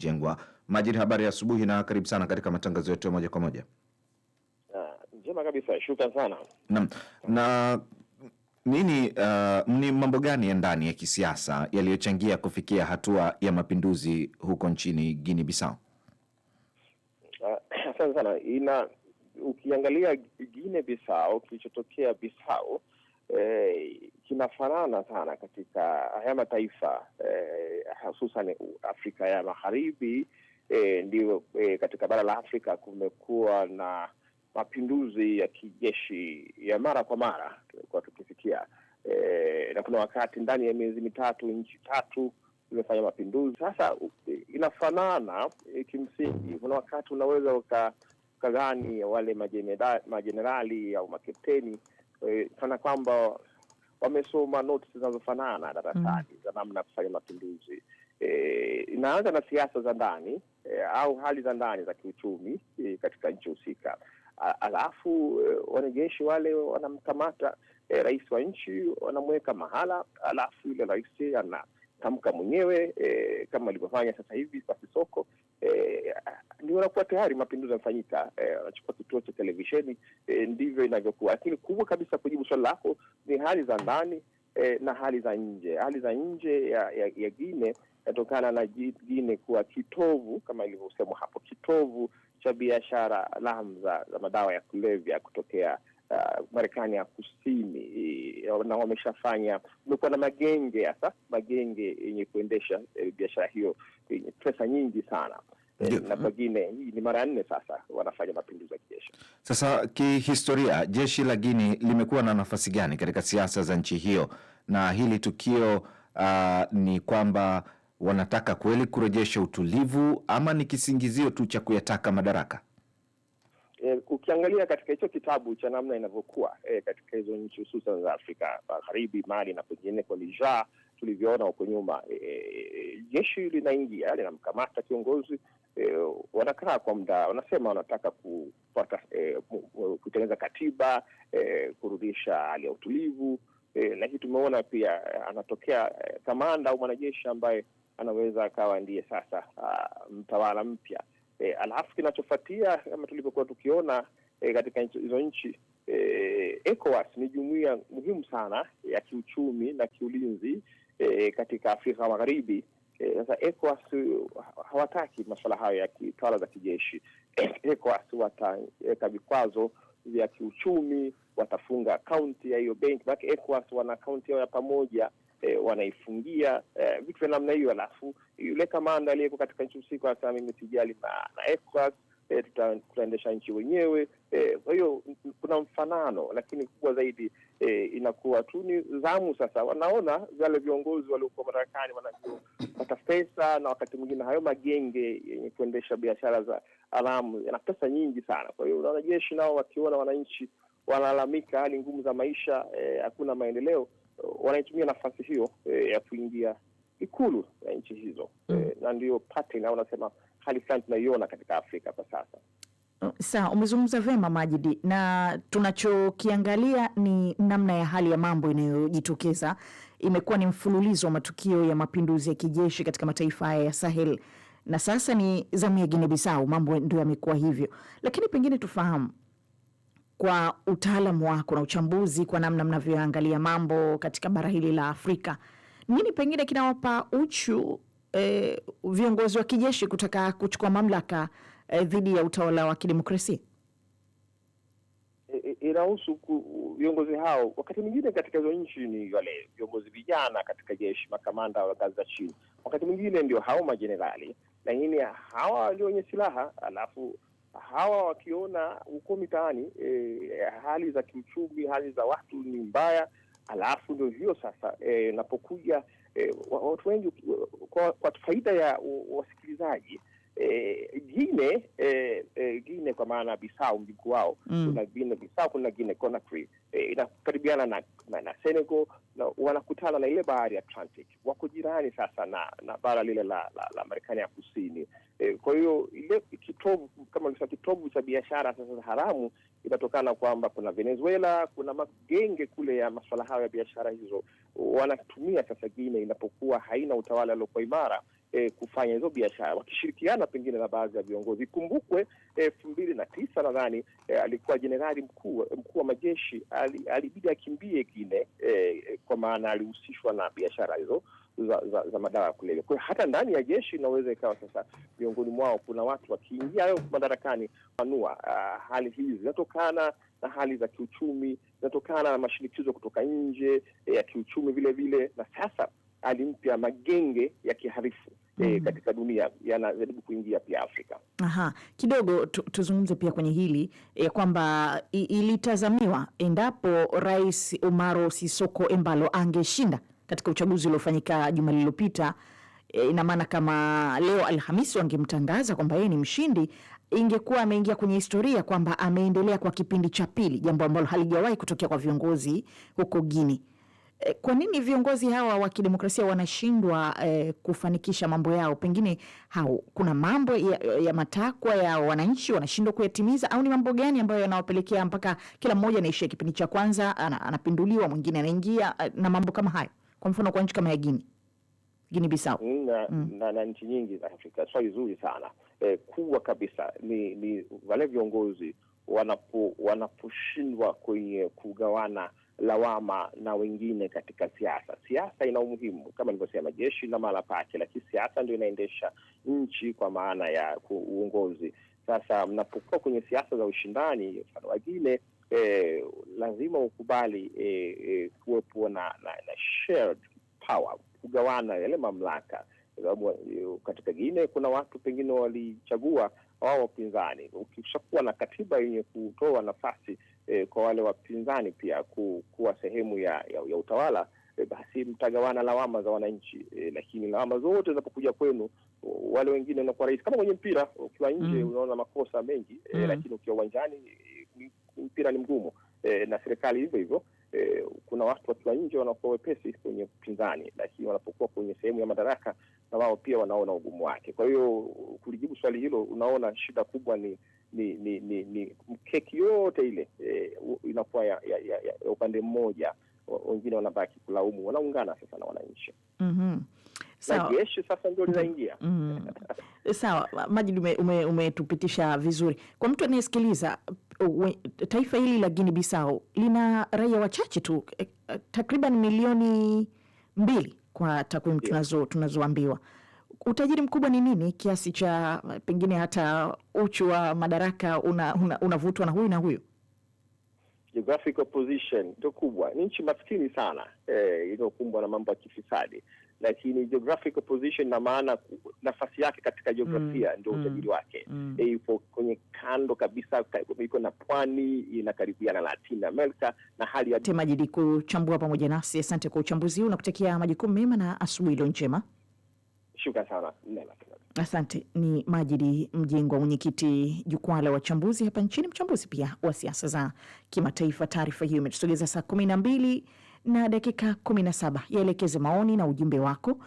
Mjengwa. Majid, habari ya asubuhi na karibu sana katika matangazo yetu ya moja kwa moja. Njema kabisa, shukrani sana. Naam, na nini uh, ni mambo gani ya ndani ya kisiasa yaliyochangia kufikia hatua ya mapinduzi huko nchini Guinea Bissau? Uh, asante sana ina ukiangalia Guinea Bissau, kilichotokea Bissau eh, kinafanana sana katika haya mataifa eh, hususan Afrika ya Magharibi eh, ndio eh, katika bara la Afrika kumekuwa na mapinduzi ya kijeshi ya mara kwa mara tumekuwa tukifikia eh, na kuna wakati ndani ya miezi mitatu nchi tatu imefanya mapinduzi. Sasa eh, inafanana eh, kimsingi, kuna wakati unaweza uka kadhani wale majenerali au makepteni eh, kana kwamba wamesoma noti zinazofanana darasani mm. za namna ya kufanya mapinduzi. E, inaanza na siasa za ndani e, au hali za ndani za kiuchumi e, katika nchi husika, alafu e, wanajeshi wale wanamkamata e, rais wa nchi wanamweka mahala, alafu yule rais anatamka mwenyewe e, kama alivyofanya sasa hivi kisoko ni wanakuwa tayari mapinduzi yanafanyika, eh, wanachukua e, kituo cha televisheni e, ndivyo inavyokuwa. Lakini kubwa kabisa kujibu swali lako ni hali za ndani e, na hali za nje. Hali za nje ya, ya, ya Gine inatokana na Gine kuwa kitovu kama ilivyosemwa hapo, kitovu cha biashara haramu za madawa ya kulevya kutokea Uh, Marekani ya kusini na wameshafanya, umekuwa na magenge hasa magenge yenye kuendesha e, biashara hiyo yenye pesa nyingi sana. Eh, na pengine hii ni mara nne sasa wanafanya mapinduzi ya kijeshi. Sasa kihistoria, jeshi la gini limekuwa na nafasi gani katika siasa za nchi hiyo? Na hili tukio uh, ni kwamba wanataka kweli kurejesha utulivu ama ni kisingizio tu cha kuyataka madaraka? E, ukiangalia katika hicho kitabu cha namna inavyokuwa e, katika hizo nchi hususan za Afrika Magharibi, Mali na pengine kwa Niger tulivyoona huko nyuma, e, jeshi linaingia linamkamata kiongozi e, wanakaa kwa muda, wanasema wanataka kupata e, kutengeneza katiba e, kurudisha hali ya utulivu e, lakini tumeona pia anatokea kamanda au mwanajeshi ambaye anaweza akawa ndiye sasa ah, mtawala mpya e, alafu kinachofuatia kama tulivyokuwa tukiona e, katika hizo nchi e, ECOWAS ni jumuiya muhimu sana ya kiuchumi na kiulinzi e, katika Afrika Magharibi. Eh, sasa e, ECOWAS hawataki masuala hayo ya tawala za kijeshi. ECOWAS wataweka vikwazo vya kiuchumi, watafunga akaunti ya hiyo benki, maanake ECOWAS wana akaunti yao ya pamoja e, wanaifungia e, vitu vya namna hiyo, alafu yule kamanda aliyeko katika nchi husika anasema mimi sijali na, na ECOWAS e, tutaendesha nchi wenyewe e. Kwa hiyo kuna mfanano, lakini kubwa zaidi e, inakuwa tu ni zamu sasa. Wanaona wale viongozi waliokuwa madarakani wanavyopata pesa, na wakati mwingine hayo magenge yenye kuendesha biashara za alamu yana pesa nyingi sana. Kwa hiyo wanajeshi nao wakiona wananchi wanalalamika hali ngumu za maisha, hakuna e, maendeleo wanaitumia nafasi hiyo lakini hao hali fulani tunaiona katika Afrika kwa sasa. Sawa, umezungumza vema Majidi, na tunachokiangalia ni namna ya hali ya mambo inayojitokeza. Imekuwa ni mfululizo wa matukio ya mapinduzi ya kijeshi katika mataifa haya ya Sahel, na sasa ni zamu ya Guinea Bissau, mambo ndio yamekuwa hivyo. Lakini pengine tufahamu kwa utaalamu wako na uchambuzi, kwa namna mnavyoangalia mambo katika bara hili la Afrika, nini pengine kinawapa uchu e, viongozi wa kijeshi kutaka kuchukua mamlaka dhidi eh, dhidi ya utawala wa kidemokrasia inahusu viongozi hao. Wakati mwingine katika hizo nchi ni wale viongozi vijana katika jeshi, makamanda wa ngazi za chini, wakati mwingine ndio hao majenerali, lakini hawa walio wenye silaha, alafu hawa wakiona huko mitaani e, hali za kiuchumi, hali za watu ni mbaya, alafu ndio hiyo sasa inapokuja eh, eh, watu wengi kwa, kwa faida ya wasikilizaji eh, Gine eh, eh, Gine kwa maana Bisau mji mkuu wao mm. kuna Gine Bisau kuna Gine Conakry eh, inakaribiana na, na, na Senegal na, wanakutana na ile bahari ya Atlantic, wako jirani sasa na, na bara lile la, la, la Marekani ya Kusini E, kwa hiyo ile kitovu kama kitovu cha biashara sasa haramu inatokana kwamba kuna Venezuela, kuna magenge kule ya masuala hayo ya biashara hizo wanatumia sasa gine inapokuwa haina utawala aliokuwa imara E, kufanya hizo biashara wakishirikiana pengine na baadhi ya viongozi. Ikumbukwe e, elfu mbili na tisa nadhani e, alikuwa jenerali mkuu mkuu wa majeshi alibidi ali akimbie gine e, e, kwa maana alihusishwa na biashara hizo za, za, za madawa ya kulevya. Kwa hiyo hata ndani ya jeshi inaweza ikawa sasa miongoni mwao kuna watu wakiingia leo madarakani panua uh, ah, hali hizi zinatokana na hali za kiuchumi, zinatokana na mashinikizo kutoka nje eh, ya kiuchumi vile vile, na sasa hali mpya magenge ya kiharifu E, eh, mm-hmm. katika dunia yanajaribu kuingia pia Afrika. Aha, kidogo tu, tuzungumze pia kwenye hili ya kwamba ilitazamiwa endapo Rais Umaro Sisoko Embalo angeshinda katika uchaguzi uliofanyika juma lililopita. E, ina maana kama leo Alhamisi wangemtangaza kwamba yeye ni mshindi, ingekuwa ameingia kwenye historia kwamba ameendelea kwa kipindi cha pili, jambo ambalo halijawahi kutokea kwa viongozi huko Guinea. E, kwa nini viongozi hawa wa kidemokrasia wanashindwa e, kufanikisha mambo yao? Pengine hao kuna mambo ya, ya matakwa ya wananchi wanashindwa kuyatimiza, au ni mambo gani ambayo yanawapelekea mpaka kila mmoja anaishia kipindi cha kwanza, anapinduliwa, mwingine anaingia na mambo kama hayo? kwa mfano kwa nchi kama ya Guinea Guinea Bissau mm, na, mm. na, na nchi nyingi za Afrika. Swali zuri sana e, kubwa kabisa ni, ni wale viongozi wanapo wanaposhindwa kwenye kugawana lawama na wengine katika siasa. Siasa ina umuhimu kama nilivyosema, jeshi na mahala pake, lakini siasa ndio inaendesha nchi kwa maana ya uongozi. Sasa mnapokuwa kwenye siasa za ushindani, mfano wengine lazima ukubali e, e, kuwepo na, na, na shared power, kugawana yale mamlaka, sababu e, katika gine kuna watu pengine walichagua wao wapinzani. Ukishakuwa na katiba yenye kutoa nafasi e, kwa wale wapinzani pia ku, kuwa sehemu ya, ya, ya utawala e, basi mtagawana lawama za wananchi e, lakini lawama zote zinapokuja kwenu wale wengine wanakuwa rahisi, kama kwenye mpira ukiwa nje mm. unaona makosa mengi e, mm. lakini ukiwa uwanjani e, mpira ni mgumu e, na serikali hivyo hivyo e, kuna watu wakiwa nje wanakuwa wepesi kwenye upinzani, lakini wanapokuwa kwenye sehemu ya madaraka na wao pia wanaona ugumu wake. Kwa hiyo kulijibu swali hilo, unaona shida kubwa ni ni ni, ni, ni keki yote ile e, inakuwa ya, ya, ya, ya upande mmoja, wengine wanabaki kulaumu, wanaungana sasa na wananchi mm -hmm na jeshi sasa ndio linaingia. mm. Eh, sawa, Majid umetupitisha ume, ume vizuri. Kwa mtu anayesikiliza, taifa hili la Guinea Bissau lina raia wachache tu eh, eh, takriban milioni mbili kwa takwimu tunazo tunazoambiwa. Utajiri mkubwa ni nini kiasi cha pengine hata uchu wa madaraka unavutwa una, una na huyu na huyu geographical position ndio kubwa. Ni nchi maskini sana eh, inayokumbwa na mambo ya kifisadi, lakini geographical position na maana nafasi yake katika jiografia mm, ndio mm, utajiri mm, wake mm. E, ipo kwenye kando kabisa, iko na pwani, inakaribiana na Latin America na hali ya Majidi kuchambua pamoja nasi. Asante kwa uchambuzi huu na kutakia majukumu mema na asubuhi ilio njema shukran sana nne Asante. Ni Majidi Mjengwa, mwenyekiti jukwaa la wachambuzi hapa nchini, mchambuzi pia wa siasa za kimataifa. Taarifa hiyo imetusogeza saa kumi na mbili na dakika kumi na saba. Yaelekeze maoni na ujumbe wako